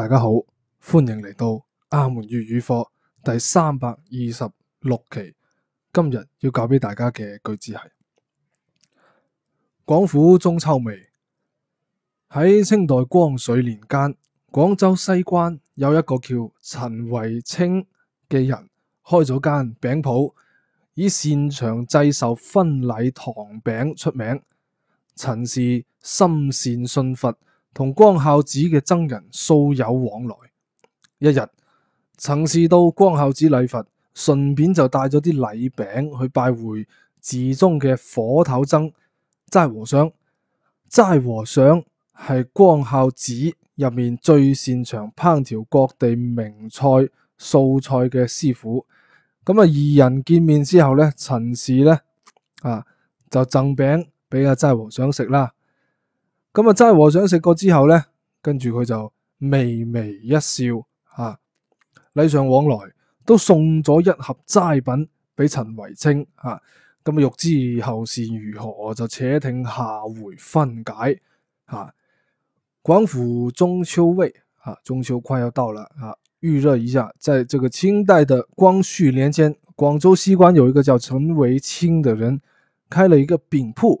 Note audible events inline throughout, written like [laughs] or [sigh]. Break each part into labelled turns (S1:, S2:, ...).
S1: 大家好，歡迎嚟到阿門粵語課第三百二十六期。今日要教俾大家嘅句子係：廣府中秋味。喺清代光緒年間，廣州西關有一個叫陳維清嘅人，開咗間餅鋪，以擅長製售婚禮糖餅出名。陳氏心善信佛。同光孝寺嘅僧人素有往來，一日，陳氏到光孝寺禮佛，順便就帶咗啲禮餅去拜會寺中嘅火頭僧齋和尚。齋和尚係光孝寺入面最擅長烹調各地名菜素菜嘅師傅。咁啊，二人見面之後陳呢，陳氏呢啊就贈餅俾阿齋和尚食啦。咁啊，齋和尚食過之後呢，跟住佢就微微一笑，啊，禮尚往來，都送咗一盒齋品俾陳維清，啊，咁欲知後事如何，就且聽下回分解。吓、啊，廣府中秋味，啊，中秋快要到了，啊，預熱一下，在這個清代的光緒年間，廣州西關有一個叫陳維清的人，開了一個餅鋪。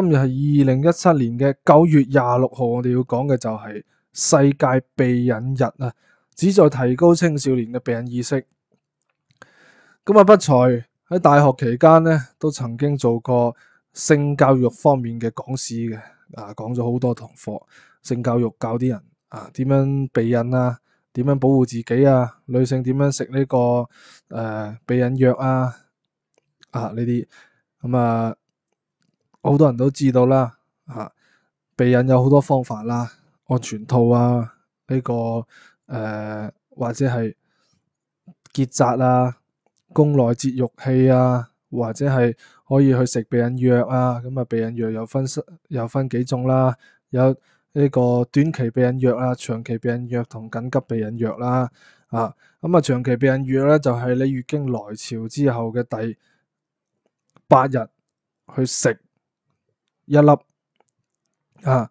S1: 今日係二零一七年嘅九月廿六號，我哋要講嘅就係世界避孕日啊，旨在提高青少年嘅避孕意識。咁啊，不才喺大學期間呢，都曾經做過性教育方面嘅講師嘅，啊，講咗好多堂課，性教育教啲人啊，點樣避孕啊，點樣保護自己啊，女性點樣食呢、這個誒、呃、避孕藥啊，啊呢啲，咁啊。好多人都知道啦，嚇、啊、避孕有好多方法啦，安、啊、全套啊，呢、這個誒、呃、或者係結紮啊，宮內節育器啊，或者係可以去食避孕藥啊。咁啊，避孕藥又分有分幾種啦，啊，有呢個短期避孕藥啊，長期避孕藥同緊急避孕藥啦。啊，咁、嗯、啊，長期避孕藥咧就係、是、你月經來潮之後嘅第八日去食。一粒啊，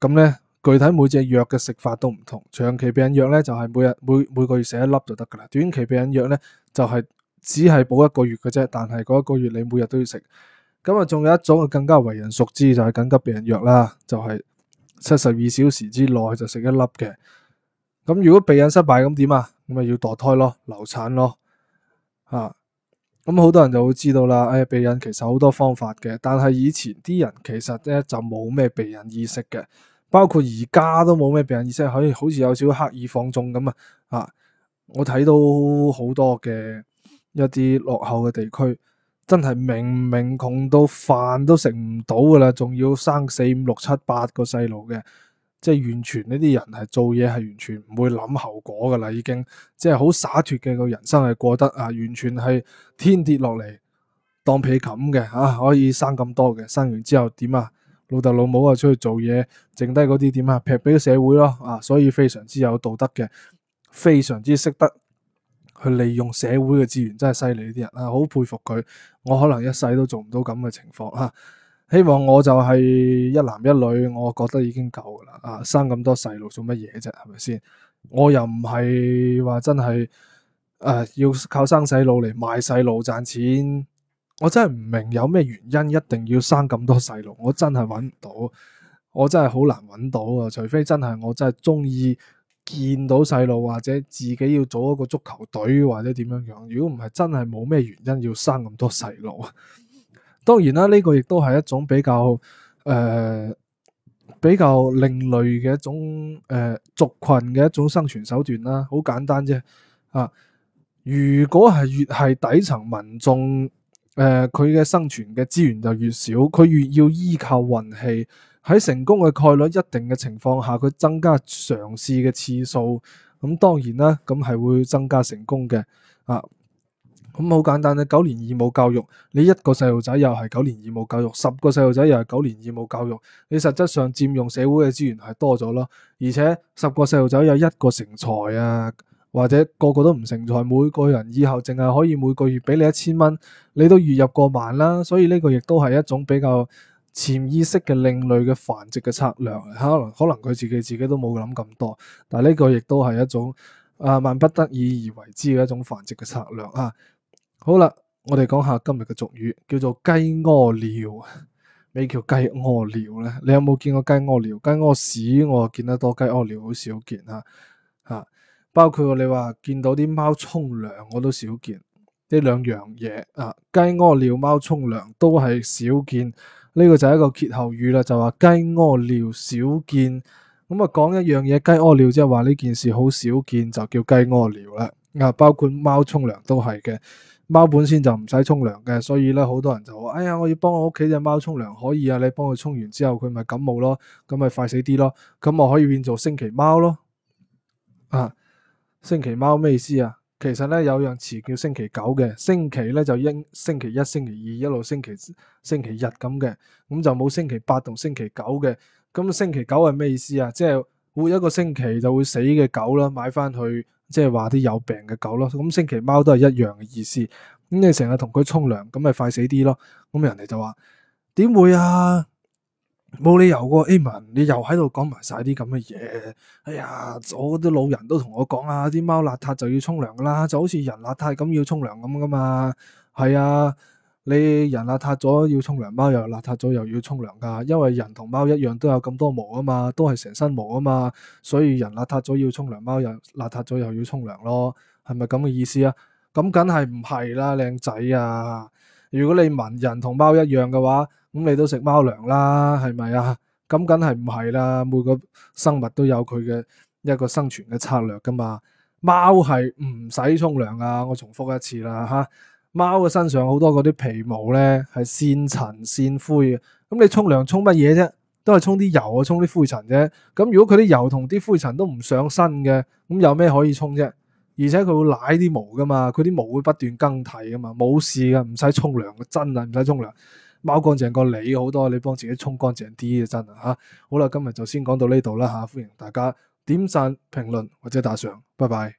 S1: 咁咧具體每隻藥嘅食法都唔同。長期避孕藥咧就係每日每每個月食一粒就得噶啦。短期避孕藥咧就係只係補一個月嘅啫，但係嗰一個月你每日都要食。咁啊，仲有一種更加為人熟知就係緊急避孕藥啦，就係七十二小時之內就食一粒嘅。咁如果避孕失敗咁點啊？咁咪要墮胎咯，流產咯啊。咁好多人就會知道啦，誒、哎、避孕其實好多方法嘅，但係以前啲人其實咧就冇咩避孕意識嘅，包括而家都冇咩避孕意識，可以好似有少少刻意放縱咁啊！啊，我睇到好多嘅一啲落後嘅地區，真係明明窮到飯都食唔到噶啦，仲要生四五六七八個細路嘅。即係完全呢啲人係做嘢係完全唔會諗後果噶啦，已經即係好灑脫嘅，個人生係過得啊，完全係天跌落嚟當被冚嘅啊，可以生咁多嘅，生完之後點啊？老豆老母啊出去做嘢，剩低嗰啲點啊？劈俾個社會咯啊，所以非常之有道德嘅，非常之識得去利用社會嘅資源，真係犀利啲人啊，好佩服佢，我可能一世都做唔到咁嘅情況吓。啊.希望我就係一男一女，我覺得已經夠噶啦。啊，生咁多細路做乜嘢啫？係咪先？我又唔係話真係誒、呃、要靠生細路嚟賣細路賺錢。我真係唔明有咩原因一定要生咁多細路。我真係揾唔到，我真係好難揾到啊！除非真係我真係中意見到細路，或者自己要組一個足球隊，或者點樣樣。如果唔係，真係冇咩原因要生咁多細路。當然啦，呢個亦都係一種比較誒比較另類嘅一種誒族群嘅一種生存手段啦。好簡單啫啊！如果係越係底層民眾，誒佢嘅生存嘅資源就越少，佢越要依靠運氣。喺成功嘅概率一定嘅情況下，佢增加嘗試嘅次數，咁當然啦，咁係會增加成功嘅啊。咁好簡單嘅，九年義務教育，你一個細路仔又係九年義務教育，十個細路仔又係九年義務教育，你實質上佔用社會嘅資源係多咗咯。而且十個細路仔有一個成才啊，或者個個都唔成才，每個人以後淨係可以每個月俾你一千蚊，你都月入過萬啦。所以呢個亦都係一種比較潛意識嘅另類嘅繁殖嘅策略。可能可能佢自己自己都冇諗咁多，但係呢個亦都係一種啊萬不得已而為之嘅一種繁殖嘅策略啊。好啦，我哋講下今日嘅俗語，叫做雞屙尿啊，咩 [laughs] 叫雞屙尿咧？你有冇見過雞屙尿？雞屙屎我見得多，雞屙尿好少見啊，吓，包括你話見到啲貓沖涼，我都少見呢兩樣嘢啊。雞屙尿、貓沖涼都係少見，呢個就係一個歇後語啦，就話雞屙尿少見，咁啊講一樣嘢，雞屙尿即係話呢件事好少見，就叫雞屙尿啦。啊，包括貓沖涼都係嘅。貓本身就唔使沖涼嘅，所以咧，好多人就話，哎呀，我要幫我屋企隻貓沖涼，可以啊！你幫佢沖完之後，佢咪感冒咯，咁咪快死啲咯。咁我可以變做星期貓咯。啊，星期貓咩意思啊？其實咧，有樣詞叫星期九嘅，星期咧，就一星期一、星期二一路星期星期日咁嘅，咁就冇星期八同星期九嘅。咁星期九係咩意思啊？即係活一個星期就會死嘅狗啦，買翻去。即係話啲有病嘅狗咯，咁星期貓都係一樣嘅意思。咁、嗯、你成日同佢沖涼，咁咪快死啲咯。咁人哋就話：點會啊？冇理由個、啊、阿門你又喺度講埋晒啲咁嘅嘢。哎呀，我啲老人都同我講啊，啲貓邋遢就要沖涼噶啦，就好似人邋遢咁要沖涼咁噶嘛。係啊。你人邋遢咗要沖涼，貓又邋遢咗又要沖涼噶，因為人同貓一樣都有咁多毛啊嘛，都係成身毛啊嘛，所以人邋遢咗要沖涼，貓又邋遢咗又要沖涼咯，係咪咁嘅意思啊？咁梗係唔係啦，靚仔啊！如果你問人同貓一樣嘅話，咁你都食貓糧啦，係咪啊？咁梗係唔係啦，每個生物都有佢嘅一個生存嘅策略噶嘛。貓係唔使沖涼啊，我重複一次啦嚇。貓嘅身上好多嗰啲皮毛咧，係線塵線灰嘅。咁你沖涼沖乜嘢啫？都係沖啲油啊，沖啲灰塵啫。咁如果佢啲油同啲灰塵都唔上身嘅，咁有咩可以沖啫？而且佢會舐啲毛噶嘛，佢啲毛會不斷更替噶嘛，冇事噶，唔使沖涼嘅真係，唔使沖涼。貓乾淨過你好多，你幫自己沖乾淨啲啊，真係嚇。好啦，今日就先講到呢度啦嚇，歡迎大家點讚、評論或者打賞，拜拜。